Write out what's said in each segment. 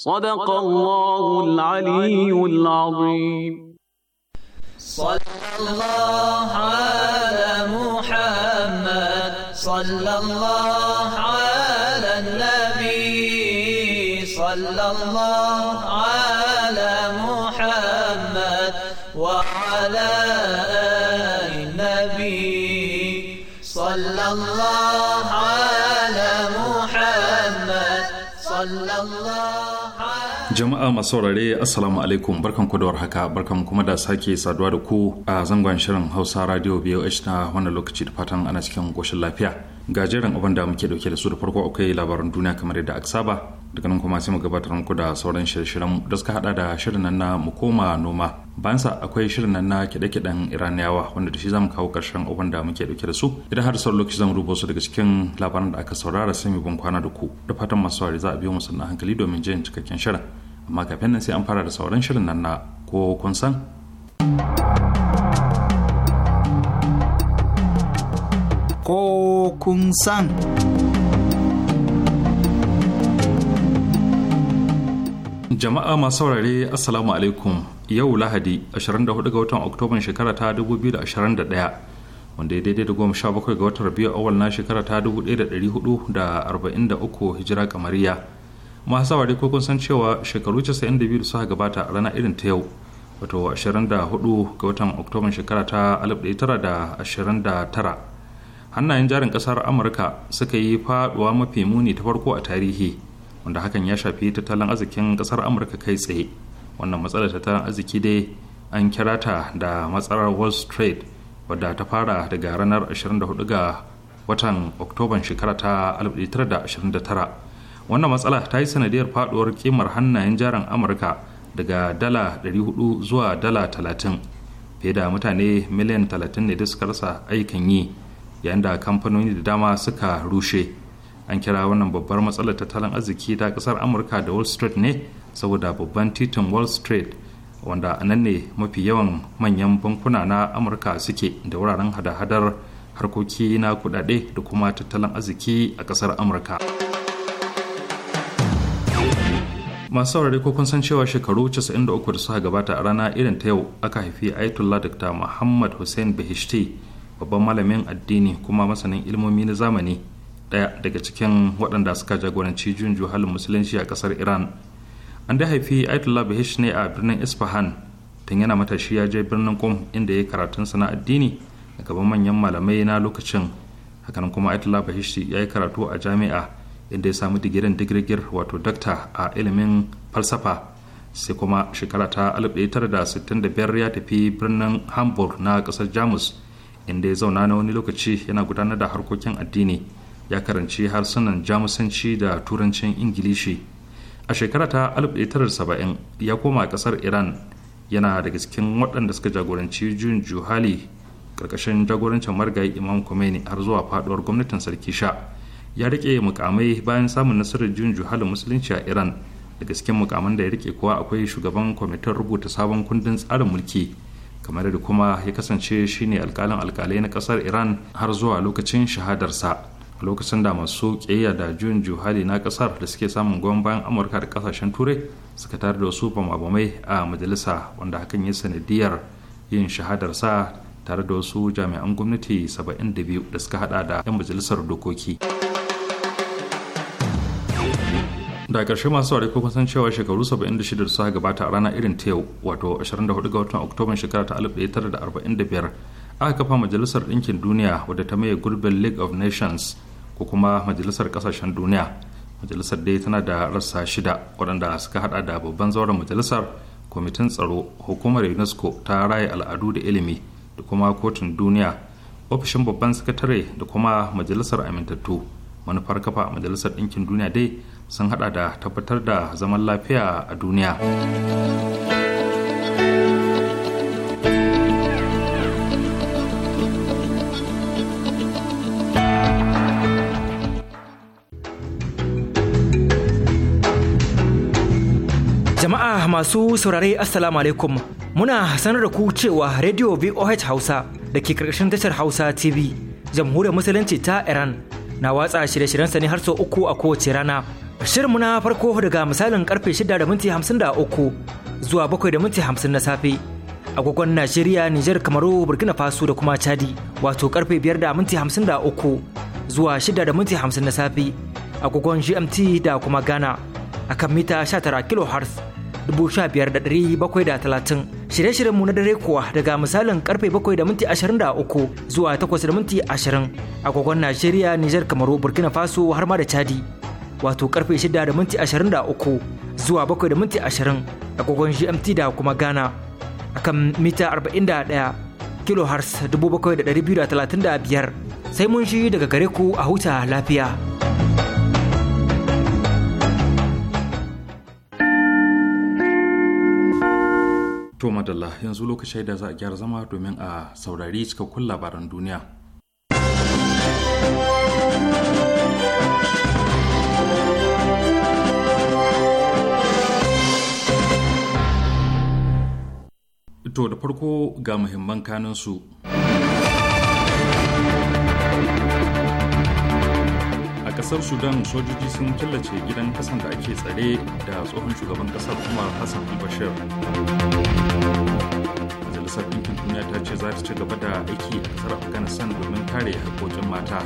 صدق الله العلي العظيم صلى الله على محمد صلى الله على النبي صلى الله على محمد وعلى النبي صلى الله على jama'a masu saurare assalamu alaikum barkan ku da warhaka barkan kuma da sake saduwa da ku a zangon shirin hausa radio boh na wannan lokaci da fatan ana cikin koshin lafiya ga jerin abin da muke dauke da su da farko akwai labaran duniya kamar yadda aka saba daga nan kuma sai mu gabatar muku da sauran shirye-shiryen da suka hada da shirin nan na mu koma noma bayan sa akwai shirin nan na kide-kiden iraniyawa wanda da shi zamu kawo ƙarshen abin da muke dauke da su idan har sauran lokaci zamu rubo su daga cikin labaran da aka saurara sai mu bin kwana da ku da fatan masu saurare za a biyo mu sannan hankali domin jin cikakken shirin amma kafin nan sai an fara da sauran shirin nan na ko kun san ko kun san jama'a masu saurare assalamu alaikum yau lahadi 24 ga watan oktoban shekara ta 2021 wanda ya daidai da goma sha bakwai ga watan rabiu awal na shekara ta 1443 hijira kamariya masu saurari ko kun san cewa shekaru 92 da suka gabata a rana irin ta yau wato 24 ga watan oktoban shekara ta 1929 hannayen jarin kasar amurka suka yi faduwa mafi muni ta farko a tarihi wanda hakan ya shafi tattalin arzikin kasar amurka kai tsaye wannan matsalar tattalin arziki dai an kira ta da matsalar wall street wadda ta fara daga ranar 24 ga watan oktoban shekara ta 1929 wannan matsala ta yi sanadiyar faduwar kimar hannayen jaran amurka daga dala 400 zuwa dala 30 fiye da mutane miliyan 30 ne da suka rasa aikin yi yayin da kamfanoni da dama suka rushe an kira wannan babbar matsalar tattalin arziki ta kasar amurka da wall street ne saboda babban titin wall street wanda a nan ne mafi yawan manyan bankuna na amurka suke da wuraren hada-hadar harkoki na kudade da kuma tattalin arziki a kasar amurka. masu saurari ko kun san cewa shekaru 93 da suka gabata a rana irin ta yau aka haifi ayatollah dr muhammad hussein bahishti babban malamin addini kuma masanin ilmomi na zamani daya daga cikin waɗanda suka jagoranci jun juhalin musulunci a kasar iran an da haifi ayatollah bahish ne a birnin isfahan tun yana matashi ya je birnin kum inda ya yi karatun sana addini a gaban manyan malamai na lokacin hakanan kuma ayatollah bahish ya yi karatu a jami'a inda ya samu digirin digirgir wato dakta a ilimin falsafa sai kuma shekara ta 1965 ya tafi birnin hamburg na kasar jamus inda ya zauna na wani lokaci yana gudanar da harkokin addini ya karanci harsunan jamusanci da turancin ingilishi a shekara ta 1970 ya koma kasar iran yana daga cikin waɗanda suka jagoranci jun juhali ƙarƙashin jagorancin margayi imam khomeini har zuwa faɗuwar gwamnatin sarki sha ya rike mukamai bayan samun nasarar jin juhalin musulunci a iran daga cikin mukaman da ya rike kuwa akwai shugaban kwamitin rubuta sabon kundin tsarin mulki kamar da kuma ya kasance shine alkalin alkalai na kasar iran har zuwa lokacin shahadarsa a lokacin da masu ƙiyayya da jin juhali na kasar da suke samun goyon bayan amurka da kasashen turai suka tare da wasu bamabamai a majalisa wanda hakan ya sanadiyar yin shahadarsa tare da wasu jami'an gwamnati 72 da suka hada da 'yan majalisar dokoki. da karshe masu ko kun san cewa shekaru 76 da suka gabata a rana irin ta yau wato 24 ga watan oktoban shekara ta 1945 aka kafa majalisar ɗinkin duniya wadda ta maye gurbin league of nations ko kuma majalisar ƙasashen duniya majalisar dai tana da rassa shida waɗanda suka hada da babban zauren majalisar kwamitin tsaro hukumar unesco ta raye al'adu da ilimi da kuma kotun duniya ofishin babban sakatare da kuma majalisar amintattu manufar kafa majalisar ɗinkin duniya dai sun hada da tabbatar da zaman lafiya a duniya jama'a masu saurare assalamu alaikum muna sanar da ku cewa radio voh hausa da ke karkashin tashar hausa tv jamhuriyar musulunci ta iran na watsa shirye shiryen sani har sau uku a kowace rana Shirinmu na farko daga misalin karfe shida da minti uku zuwa bakwai da minti hamsin na safe. Agogon Najeriya, Nijar, Kamaru, Burkina Faso da kuma Chadi wato karfe biyar da minti uku zuwa shida da minti hamsin na safe. Agogon GMT da kuma Ghana a kan mita 19 kHz 15730 shirye-shiryenmu na dare kuwa daga misalin karfe bakwai da minti uku zuwa takwas da minti 20 agogon Najeriya, Nijar, Kamaru, Burkina Faso har ma da Chadi. wato karfe 6 da minti 23 zuwa 7 da minti 20 agogon GMT da kuma Ghana akan mita 41 kHz 7,235 sai mun shi daga gare ku a huta lafiya. To madalla yanzu lokacin da za a gyara zama domin a saurari cikakkun labaran duniya. To da farko ga muhimman kanunsu. A ƙasar Sudan sojoji sun killace gidan kasan da ake tsare da tsohon shugaban ƙasar Umar Hassan bashir Majalisar Ɗinkin Duniya ta ce za ta ci gaba da aiki a ƙasar Afghanistan domin kare haƙoƙin mata.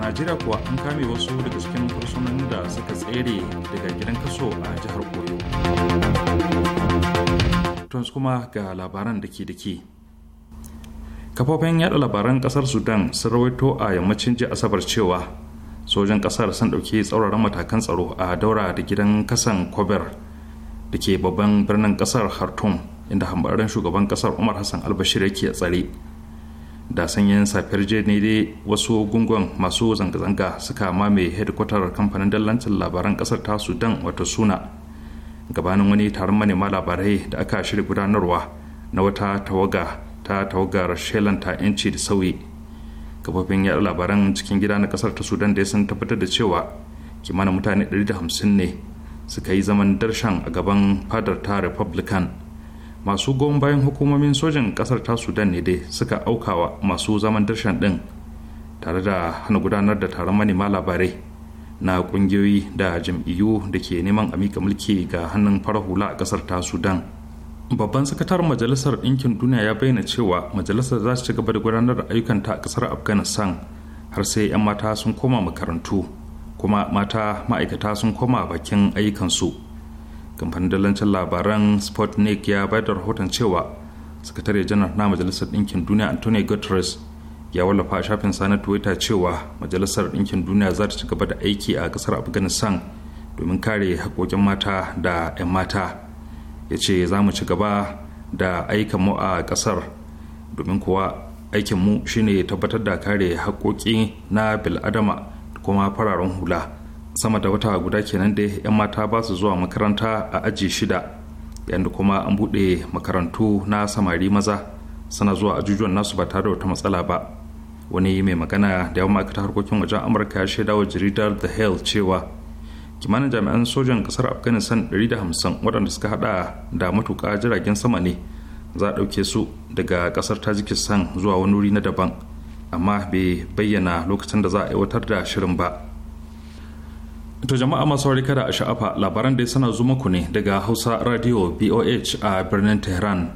a najeriya kuwa an kame wasu daga cikin fursunan da suka tsere daga gidan kaso a jihar koyo tons kuma ga labaran da ke da ke yada labaran kasar sudan sun rawaito a yammacin ji asabar cewa sojan kasar sun ɗauki tsauraran matakan tsaro a daura da gidan kasan kober da ke babban birnin kasar khartoum inda hambarin shugaban kasar umar hassan albashir yake tsare da sanyin safiyar jiya ne dai wasu gungun masu zanga-zanga suka mamaye hedikwatar kamfanin dallancin labaran kasar ta sudan wata suna gabanin wani taron manema labarai da aka shirya gudanarwa na wata tawaga ta tawagar shelanta 'yanci da sauyi kafofin yaɗa labaran cikin gida na kasar ta sudan dai sun tabbatar da cewa kimanin mutane 150 ne suka yi zaman darshan a gaban fadar ta republican masu goyon bayan hukumomin sojan kasar ta sudan ne dai suka aukawa masu zaman darshan din tare da hana gudanar da taron manema labarai na kungiyoyi da jam'iyyu da ke neman a mika mulki ga hannun fara hula a kasar ta sudan babban sakataren majalisar ɗinkin duniya ya bayyana cewa majalisar za su ci gaba da gudanar da ayyukanta a kasar afghanistan har sai 'yan mata sun koma makarantu kuma mata ma'aikata sun koma bakin ayyukansu kamfanin dalancin labaran sputnik ya bayar da rahoton cewa sakatare janar na majalisar ɗinkin duniya antonio guterres ya wallafa a shafin sa na twitter cewa majalisar ɗinkin duniya za ta ci gaba da aiki a ƙasar afghanistan domin kare haƙoƙin mata da 'yan mata ya ce za mu ci gaba da aikin mu a ƙasar domin kuwa aikin mu shine tabbatar da kare haƙoƙi na bil'adama da kuma fararen hula sama da wata guda kenan da 'yan mata ba su zuwa makaranta a aji shida yadda kuma an buɗe makarantu na samari maza suna zuwa ajujuwan nasu ba tare da wata matsala ba wani mai magana da yawan ma'aikatar harkokin wajen amurka ya shaida wa jaridar the hill cewa kimanin jami'an sojan kasar afghanistan hamsin waɗanda suka haɗa da matuƙa jiragen sama ne za a ɗauke su daga ƙasar tajikistan zuwa wani wuri na daban amma bai bayyana lokacin da za a aiwatar da shirin ba To jama'a masu wari kada da sha'afa labaran da sana zuma ku ne daga Hausa Radio BOH a birnin Tehran.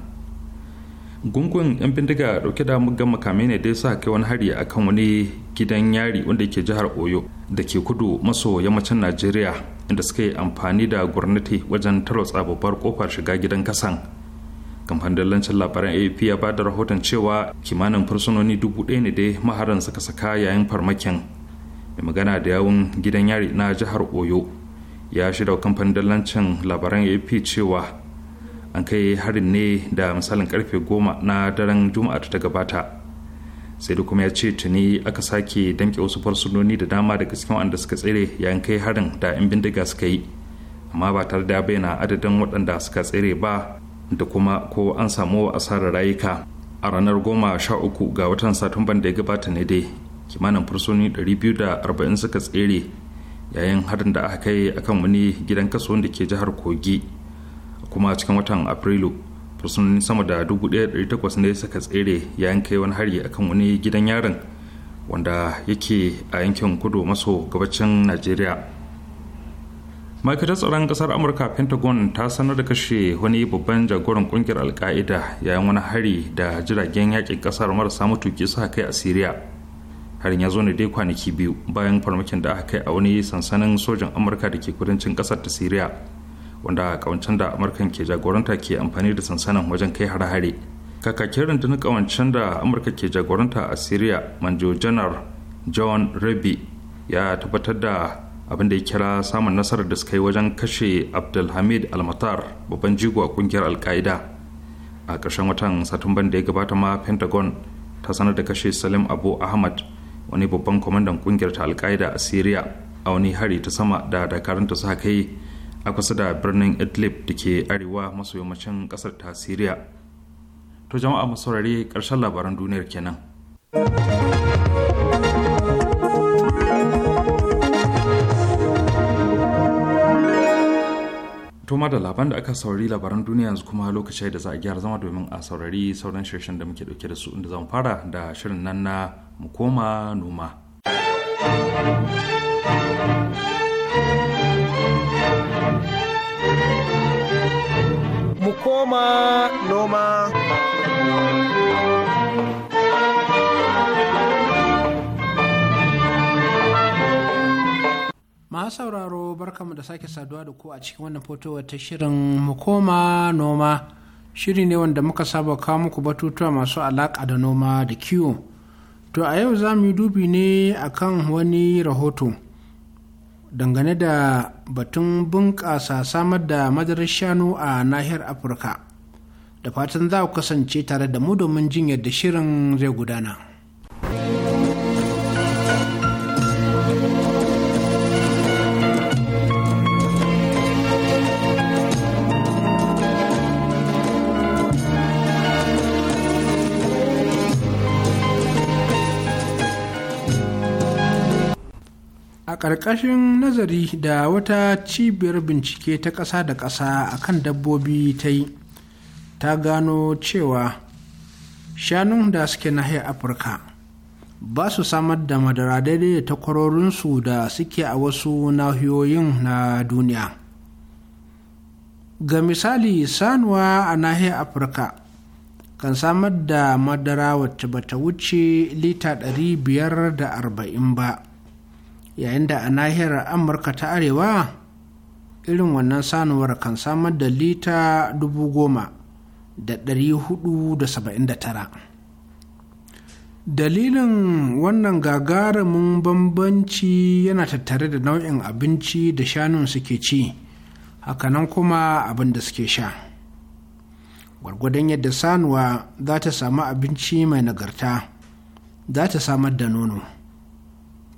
Gungun 'yan bindiga dauke da muggan makamai ne da ya sa kai wani hari akan wani gidan yari wanda ke jihar Oyo da ke kudu maso yammacin Najeriya inda suka yi amfani da gwamnati wajen tarotsa babbar kofar shiga gidan kasan. kamfanin dallancin labaran ap ya ba da rahoton cewa kimanin fursunoni dubu ɗaya ne dai maharan suka saka yayin farmakin mai magana da yawun gidan yari na jihar oyo ya shirya kamfanin dallancin labaran ap cewa an kai harin ne da misalin karfe goma na daren juma'a ta gabata sai da kuma ya ce tuni aka sake damke wasu farsunoni da dama daga cikin wanda suka tsere yayin kai harin da 'yan bindiga suka yi amma ba tare da bayyana adadin waɗanda suka tsere ba da kuma ko an samu asarar rayuka a ranar goma sha uku ga watan satumban da ya gabata ne dai kimanin fursoni 240 suka tsere yayin harin da aka kai akan wani gidan kaso da ke jihar kogi kuma cikin watan afrilu fursunonin sama da 1,800 ne suka tsere yayin kai wani hari akan wani gidan yarin wanda yake a yankin kudu maso gabacin najeriya ma'aikatar tsaron kasar amurka pentagon ta sanar da kashe wani babban jagoran kungiyar alka'ida yayin wani hari da jiragen yakin kasar marasa matuki suka kai a syria harin ya zo ne dai kwanaki biyu bayan farmakin da aka kai a wani sansanin sojan amurka da ke kudancin kasar ta siriya wanda kawancen da amurka ke jagoranta ke amfani da sansanin wajen kai hare-hare kakakin rundunar kawancen da amurka ke jagoranta a siriya manjo janar john rabi ya tabbatar da abin da ya kira samun nasarar da suka yi wajen kashe abdulhamid almatar babban jigo a kungiyar alka'ida a ƙarshen watan satumban da ya gabata ma pentagon ta sanar da kashe salim abu ahmad wani babban kwamandan kungiyar ta alkaida a syria a wani hari ta sama da dakarun ta sa kai a kusa da birnin idlib da ke arewa maso yammacin kasar ta syria to jama'a mu saurari karshen labaran duniyar kenan tuma da labaran da aka saurari labaran duniya yanzu kuma lokaci da za a gyara zama domin a saurari sauran shirshen da muke dauke da su inda zan fara da shirin nan na mu koma noma. Mu koma noma. sauraro barkamu da sake saduwa da ku a cikin wannan fotowar ta shirin mu koma noma shiri ne wanda muka saba kawo muku batutuwa masu alaƙa da noma da kiwo to a yau za mu yi dubi ne akan wani rahoto dangane da batun bunƙasa samar da madarar shanu a nahiyar afirka da fatan za ku kasance tare da mu domin jin yadda shirin zai gudana. ƙarƙashin nazari da wata cibiyar bincike ta ƙasa da ƙasa a kan dabbobi ta yi ta gano cewa shanun da suke nahiyar afirka ba su samar da madara daidai da takwarorinsu da suke a wasu nahiyoyin na duniya ga misali sanuwa a nahiyar afirka kan samar da madara wacce bata wuce lita 540 ba yayin da a nahiyar amurka ta arewa irin wannan sanuwar kan samar da lita dubu goma da ɗari hudu da saba'in da tara dalilin wannan gagarumin bambanci yana tattare da nau'in abinci da shanun suke ci hakanan kuma abin da suke sha gwargwadon yadda sanuwa za ta samu abinci mai nagarta za ta samar da nono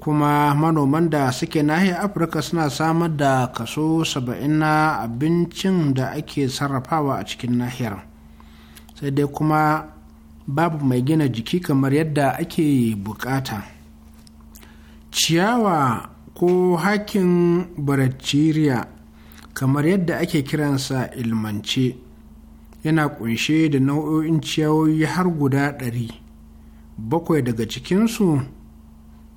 kuma manoman da suke nahiyar afirka suna samar da kaso 70 na abincin da ake sarrafawa a cikin nahiyar sai dai kuma babu mai gina jiki kamar yadda ake bukata ciyawa ko hakin baraciriya kamar yadda ake kiransa ilmance yana kunshe da nau'o'in ciyawoyi har guda ɗari bakwai daga cikinsu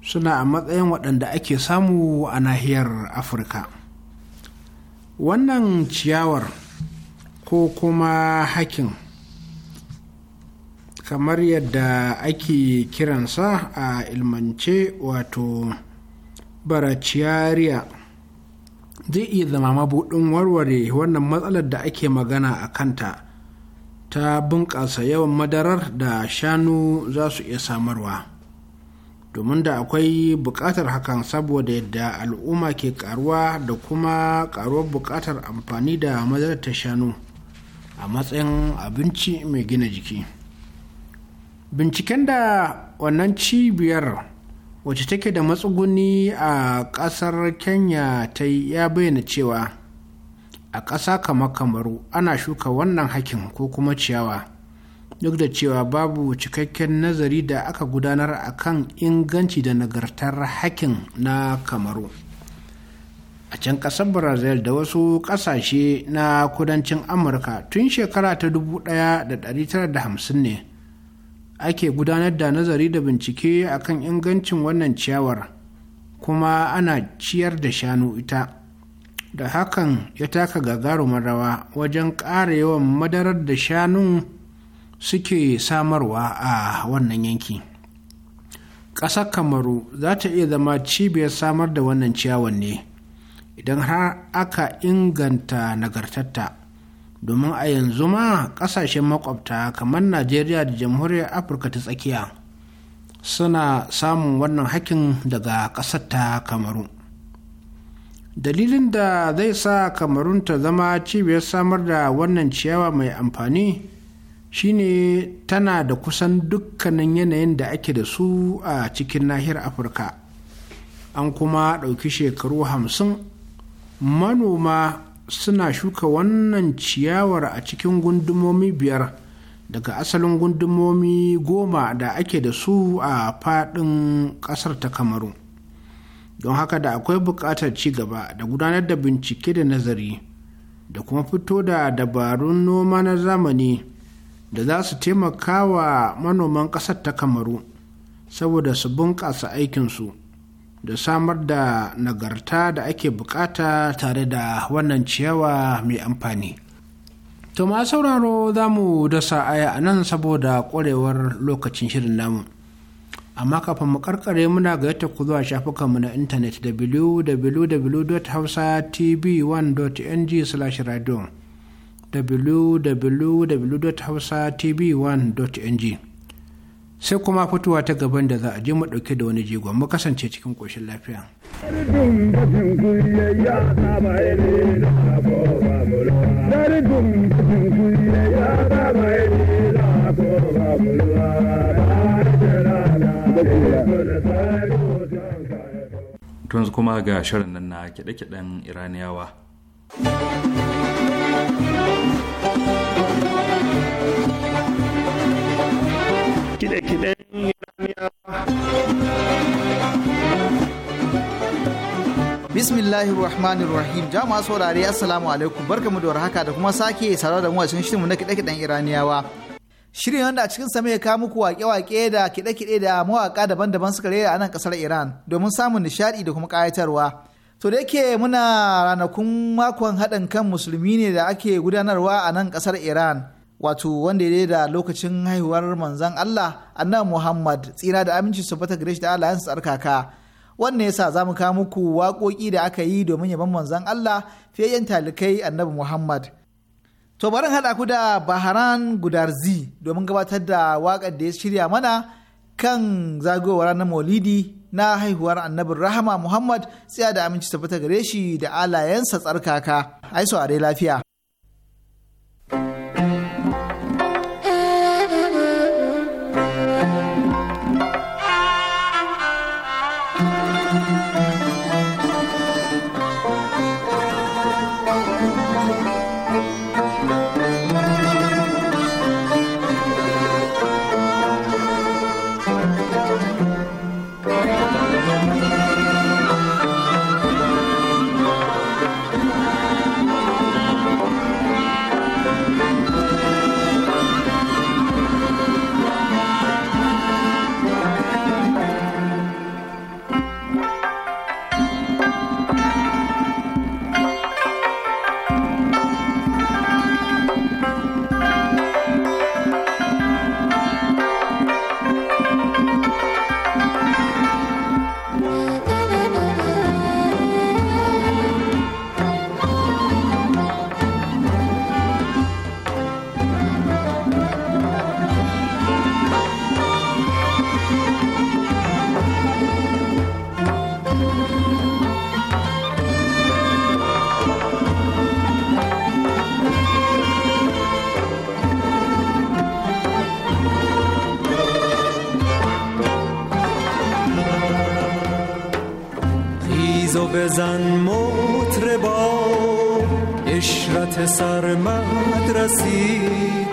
suna a matsayin waɗanda ake samu a nahiyar afirka wannan ciyawar ko kuma hakin kamar yadda ake kiransa a ilmance wato baraciyariya zai iya zama mabuɗin warware wannan matsalar da ake magana a kanta ta bunƙasa yawan madarar da shanu za su iya samarwa domin da akwai buƙatar hakan saboda yadda al'umma ke karuwa da kuma karuwar buƙatar amfani da madarar ta shanu a matsayin abinci mai gina jiki binciken da wannan cibiyar wacce take da matsuguni a ƙasar kenya ta ya bayyana cewa a ƙasa kamar kamaru ana shuka wannan hakin ko kuma ciyawa duk da cewa babu cikakken nazari da aka gudanar a kan inganci da nagartar hakin na kamaru a can ƙasar brazil da wasu ƙasashe na kudancin amurka tun shekara ta 1950 ne ake gudanar da nazari da bincike a kan ingancin wannan ciyawar kuma ana ciyar da shanu ita da hakan ya taka gagarumar rawa wajen ƙara yawan madarar da shanun suke samarwa a wannan yanki ƙasar kamaru za ta iya zama cibiyar samar da wannan ciyawan ne idan har aka inganta nagartatta domin a yanzu ma ƙasashen makwabta kamar najeriya da jamhuriyar afirka ta tsakiya suna samun wannan hakin daga ƙasar ta kamaru dalilin da zai sa kamarun ta zama cibiyar samar da wannan ciyawa mai amfani shine tana da kusan dukkanin yanayin da ake da su a cikin nahiyar afirka an kuma ɗauki shekaru hamsin manoma suna shuka wannan ciyawar a cikin gundumomi biyar daga asalin gundumomi goma da ake da su a faɗin ƙasar ta kamaru don haka da akwai buƙatar ci gaba da gudanar da bincike da nazari da kuma fito da dabarun noma na zamani da za su taimaka wa manoman ƙasar ta kamaru saboda su bunƙasa aikinsu da samar da nagarta da ake bukata tare da wannan ciyawa mai amfani. To ma sauraro za mu dasa aya a nan saboda ƙwarewar lokacin shirin namu. Amma kafin mu karkare muna ga yadda ku zuwa shafukanmu na intanet www.hausatv1.ng/radio www.hausatv1.ng sai kuma fitowa ta gaban da za a je mu da wani jigon mu kasance cikin koshin lafiya. Tunzu kuma ga shirin nan na kiɗe-kiɗen Iraniyawa. kiɗe-kiɗen bismillahir rahmanir rahim jama'a saurare assalamu alaikum barkamu da haka da kuma sake saurare da mu a cikin shirinmu na kiɗe-kiɗen iraniyawa shirin wanda a cikin sa mai kawo muku waƙe-waƙe da kiɗe-kiɗe da mawaka daban-daban suka rera a nan ƙasar iran domin samun nishaɗi da kuma ƙayatarwa To da yake muna ranakun makon haɗin kan musulmi ne da ake gudanarwa a nan ƙasar Iran, wato wanda ya da lokacin haihuwar manzan Allah annabi Muhammad tsira da aminci su fata gare shi da Allah yansu tsarkaka. Wannan yasa za mu kawo muku waƙoƙi da aka yi domin ya ban manzan Allah fiye yan talikai annabi Muhammad. To barin haɗa ku da Baharan Gudarzi domin gabatar da waƙar da ya shirya mana kan zagayowar ranar Maulidi na haihuwar annabin rahama Muhammad tsaya da aminci fita gare shi da alayensa tsarkaka. Ai saurare lafiya. بزن مطربا اشرت سرمد رسید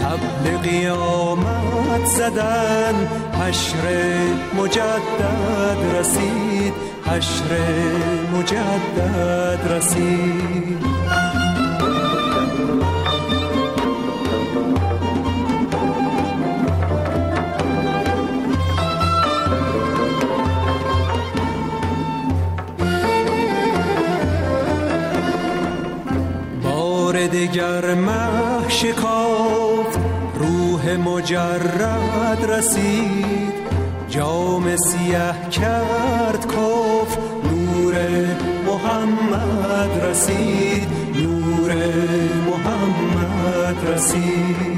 تبل قیامت زدن حشر مجدد رسید حشر مجدد رسید مه شکاف روح مجرد رسید جام سیه کرد کف نور محمد رسید نور محمد رسید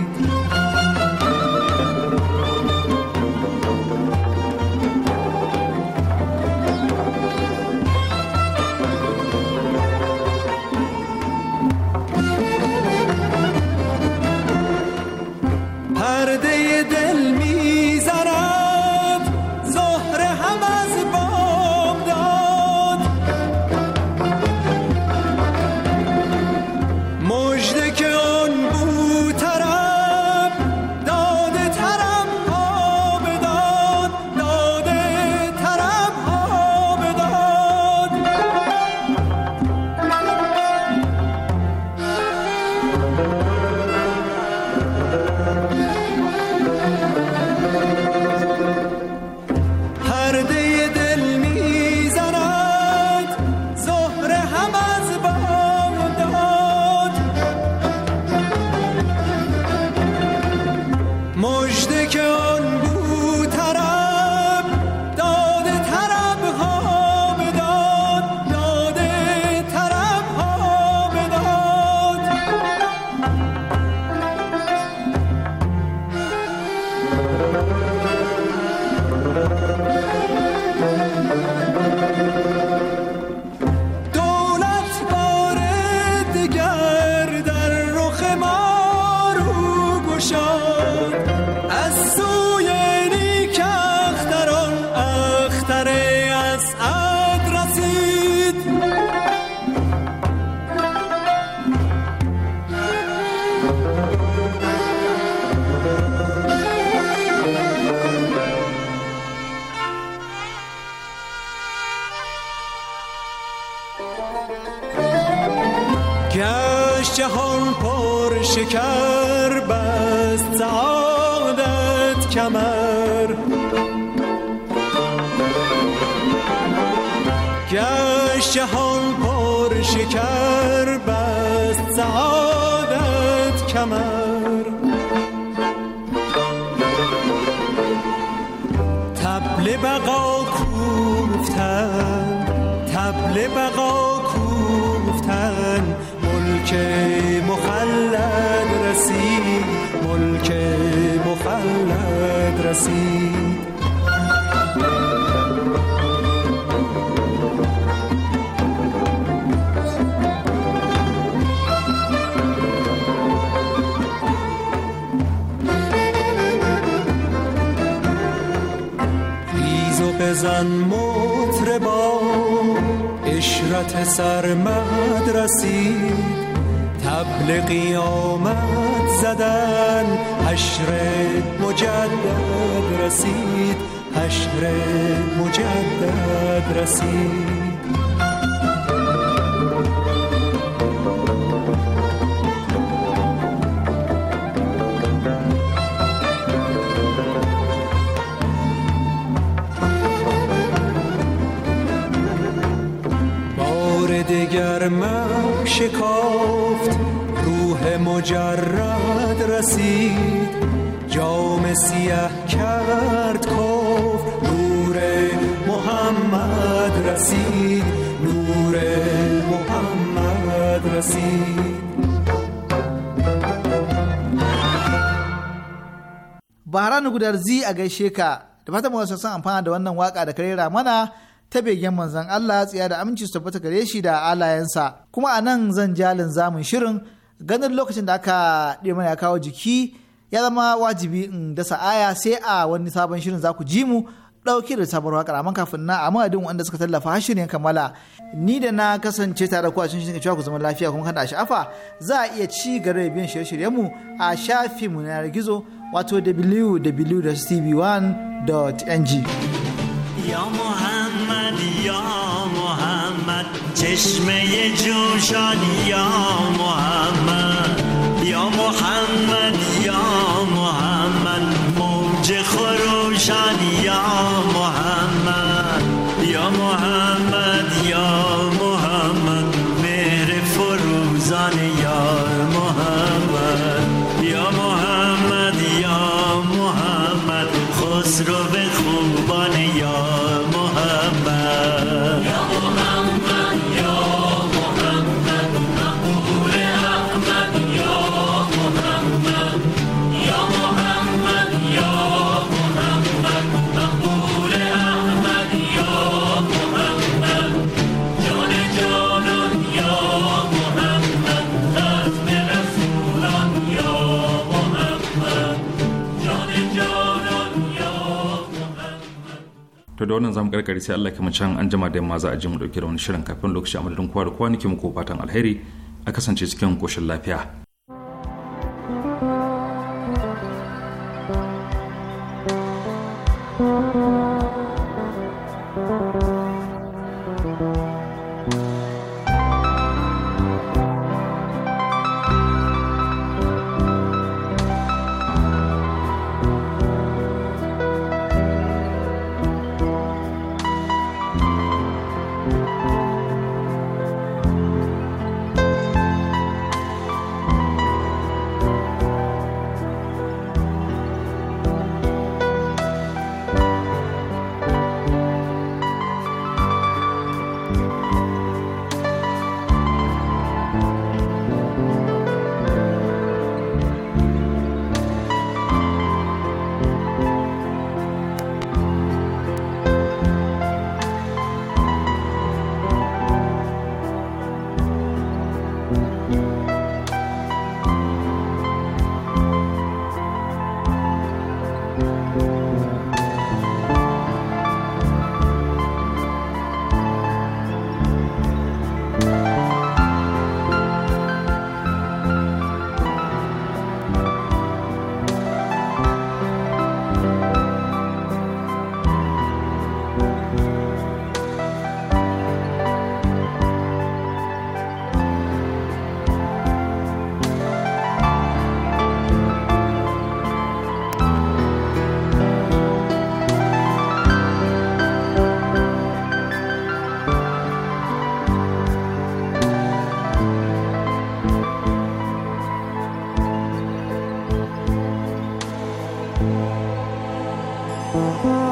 ملک مخلد رسید ملک مخلد رسید بزن مطربا اشرت سرمد رسید قبل قیامت زدن حشر مجدد رسید حشر مجدد رسید رسید جام سیه کرد کف نور محمد رسید نور محمد رسید gudar zi a gaishe ka da fatan mu san amfana da wannan waka da kare mana ta begen manzon Allah tsiya da aminci su tabbata gare shi da alayensa kuma a nan zan jalin zamun shirin ganin lokacin da aka ɗima mana ya kawo jiki ya zama wajibi in dasa aya sai a wani sabon shirin za ku ji mu ɗauki da sabon waƙar amma kafin na a madadin wanda suka tallafa har shirin kammala ni da na kasance tare ku a cikin shirin cewa ku zama lafiya kuma kada a sha'afa za a iya ci gare da biyan shirye-shiryen mu a shafin mu na gizo wato www.tv1.ng Ya Muhammad ya Muhammad چشمه جوشان یا محمد da wannan zamu karkare sai Allah kuma can an jima da yamma za a ji mu dauke da wani shirin kafin lokaci a madadin kowa da kowa nake muku fatan alheri a kasance cikin koshin lafiya Thank you.